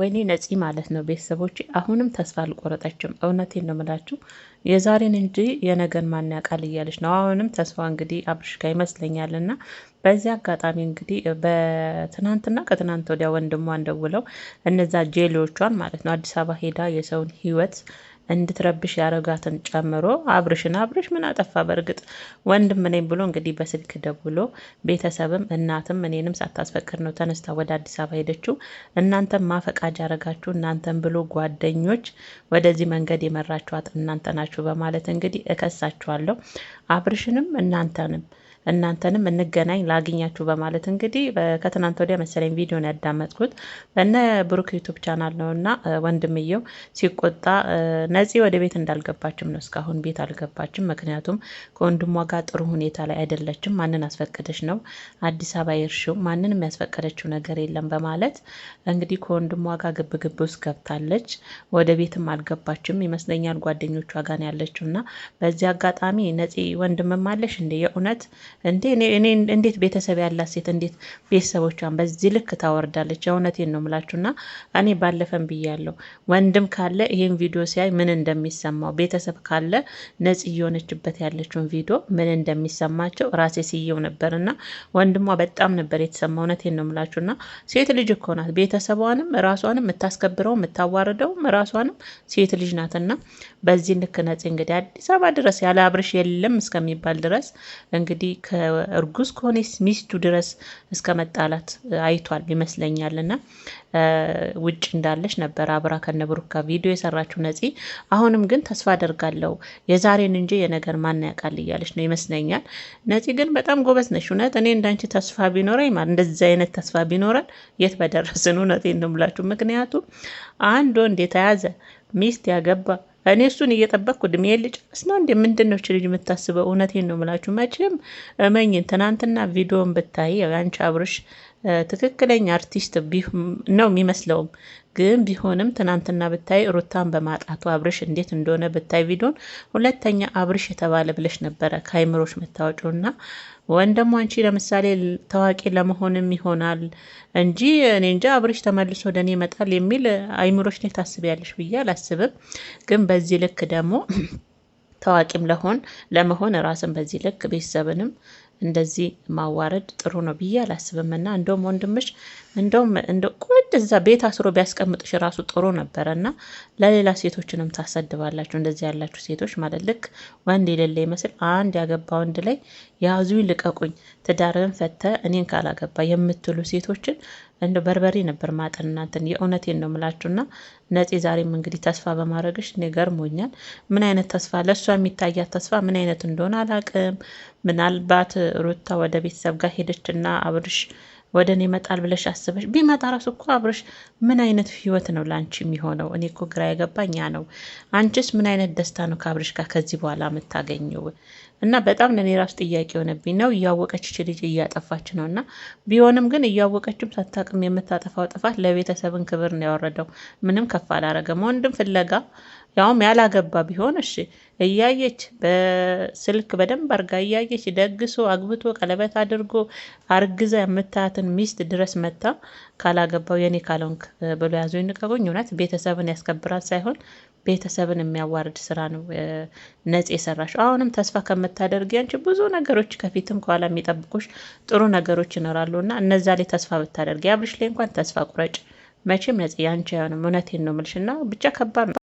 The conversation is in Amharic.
ወይኔ ነፂ ማለት ነው። ቤተሰቦች አሁንም ተስፋ አልቆረጠችም። እውነቴን ነው የምላችሁ የዛሬን እንጂ የነገን ማን ያውቃል እያለች ነው። አሁንም ተስፋ እንግዲህ አብርሽ ጋ ይመስለኛል እና በዚህ አጋጣሚ እንግዲህ በትናንትና ከትናንት ወዲያ ወንድሟን ደውለው እነዛ ጄሌዎቿን ማለት ነው አዲስ አበባ ሄዳ የሰውን ህይወት እንድትረብሽ ያረጋትን ጨምሮ አብርሽን አብርሽ ምን አጠፋ? በእርግጥ ወንድም እኔም ብሎ እንግዲህ በስልክ ደውሎ ቤተሰብም እናትም እኔንም ሳታስፈቅድ ነው ተነስታ ወደ አዲስ አበባ ሄደችው። እናንተም ማፈቃጅ ያረጋችሁ እናንተም ብሎ ጓደኞች ወደዚህ መንገድ የመራችኋት እናንተ ናችሁ በማለት እንግዲህ እከሳችኋለሁ አብርሽንም እናንተንም እናንተንም እንገናኝ ላግኛችሁ በማለት እንግዲህ ከትናንት ወዲያ መሰለኝ ቪዲዮን ያዳመጥኩት በነ ብሩክ ዩቱብ ቻናል ነው እና ወንድምየው ሲቆጣ ነፂ ወደ ቤት እንዳልገባችም ነው። እስካሁን ቤት አልገባችም። ምክንያቱም ከወንድሟ ጋር ጥሩ ሁኔታ ላይ አይደለችም። ማንን አስፈቅደች ነው አዲስ አበባ ይርሽው? ማንንም ያስፈቀደችው ነገር የለም በማለት እንግዲህ ከወንድሟ ጋር ግብ ውስጥ ገብታለች። ወደ ቤትም አልገባችም ይመስለኛል ጓደኞቿ ጋር ያለችው እና በዚህ አጋጣሚ ነፂ ወንድምም አለሽ እንደ የእውነት እንዴ እንዴት ቤተሰብ ያላት ሴት እንዴት ቤተሰቦቿን በዚህ ልክ ታወርዳለች? እውነቴን ነው እና እኔ ባለፈን ብያለሁ። ወንድም ካለ ይህን ቪዲዮ ሲያይ ምን እንደሚሰማው፣ ቤተሰብ ካለ ነጽ እየሆነችበት ያለችውን ቪዲዮ ምን እንደሚሰማቸው ራሴ ስየው ነበርና ወንድሟ በጣም ነበር የተሰማ። እውነቴን ነው ምላችሁና ሴት ልጅ እኮ ናት ቤተሰቧንም ራሷንም የምታስከብረው የምታዋርደውም ራሷንም ሴት ልጅ ናትና በዚህ ልክ ነፂ እንግዲህ አዲስ አበባ ድረስ ያለ አብርሽ የለም እስከሚባል ድረስ እንግዲህ ከእርጉዝ ከሆነ ሚስቱ ድረስ እስከ መጣላት አይቷል ይመስለኛል። እና ውጭ እንዳለች ነበር አብራ ከነብሩካ ቪዲዮ የሰራችው ነፂ። አሁንም ግን ተስፋ አደርጋለሁ የዛሬን እንጂ የነገር ማን ያውቃል እያለች ነው ይመስለኛል። ነፂ ግን በጣም ጎበዝ ነች። እውነት እኔ እንዳንቺ ተስፋ ቢኖረኝ ማለት እንደዚህ አይነት ተስፋ ቢኖረን የት በደረስን። እውነቴን ነው የምላችሁ። ምክንያቱም አንድ ወንድ የተያዘ ሚስት ያገባ እኔ እሱን እየጠበቅኩ እድሜዬን ልጨርስ ነው እንዴ? ምንድን ነው ልጅ የምታስበው? እውነቴን ነው የምላችሁ። መቼም እመኝን። ትናንትና ቪዲዮን ብታይ ያው ያንቺ አብርሽ ትክክለኛ አርቲስት ነው የሚመስለውም። ግን ቢሆንም ትናንትና ብታይ ሩታን በማጣቱ አብርሽ እንዴት እንደሆነ ብታይ ቪዲዮን ሁለተኛ አብርሽ የተባለ ብለሽ ነበረ ከአይምሮች መታወቂው እና ወንድሞ አንቺ ለምሳሌ ታዋቂ ለመሆንም ይሆናል እንጂ እኔ እንጃ አብርሽ ተመልሶ ወደ እኔ ይመጣል የሚል አይምሮች ላይ ታስቢያለሽ ብዬ አላስብም። ግን በዚህ ልክ ደግሞ ታዋቂም ለሆን ለመሆን ራስን በዚህ ልክ ቤተሰብንም እንደዚህ ማዋረድ ጥሩ ነው ብዬ አላስብም። እና እንደውም ወንድምሽ እንደውም ቁድ እዛ ቤት አስሮ ቢያስቀምጥሽ ራሱ ጥሩ ነበረ። እና ለሌላ ሴቶችንም ታሰድባላችሁ፣ እንደዚህ ያላችሁ ሴቶች ማለት ልክ ወንድ የሌለ ይመስል አንድ ያገባ ወንድ ላይ ያዙ ልቀቁኝ፣ ትዳርን ፈተ እኔን ካላገባ የምትሉ ሴቶችን እንደ በርበሬ ነበር ማጠን እናንተን የእውነቴን ነው ምላችሁና ነፂ ዛሬም እንግዲህ ተስፋ በማድረግሽ እኔ ገርሞኛል። ምን አይነት ተስፋ ለእሷ የሚታያት ተስፋ ምን አይነት እንደሆነ አላቅም። ምናልባት ሩታ ወደ ቤተሰብ ጋር ሄደችና አብርሽ ወደ እኔ ይመጣል ብለሽ አስበሽ ቢመጣ ራሱ እኮ አብረሽ ምን አይነት ህይወት ነው ለአንቺ የሚሆነው? እኔ እኮ ግራ የገባኝ ያ ነው። አንቺስ ምን አይነት ደስታ ነው ከአብረሽ ጋር ከዚህ በኋላ የምታገኘው? እና በጣም ለእኔ ራሱ ጥያቄ የሆነብኝ ነው። እያወቀች ች ልጅ እያጠፋች ነው እና ቢሆንም ግን እያወቀችም ሳታቅም የምታጠፋው ጥፋት ለቤተሰብን ክብር ነው ያወረደው። ምንም ከፍ አላረገም። ወንድም ፍለጋ ያውም ያላገባ ቢሆን እሺ እያየች በስልክ በደንብ አርጋ እያየች ደግሶ አግብቶ ቀለበት አድርጎ አርግዛ የምታያትን ሚስት ድረስ መታ ካላገባው የኔ ካልሆንክ ብሎ ያዞ ይንቀቁኝ። እውነት ቤተሰብን ያስከብራል ሳይሆን ቤተሰብን የሚያዋርድ ስራ ነው ነጽ የሰራሽ። አሁንም ተስፋ ከምታደርጊ አንቺ ብዙ ነገሮች ከፊትም ከኋላ የሚጠብቁሽ ጥሩ ነገሮች ይኖራሉ እና እነዛ ላይ ተስፋ ብታደርጊ አብርሽ ላይ እንኳን ተስፋ ቁረጭ። መቼም ነጽ ያንቺ አይሆንም። እውነቴን ነው ምልሽ እና ብቻ ከባድ ነው።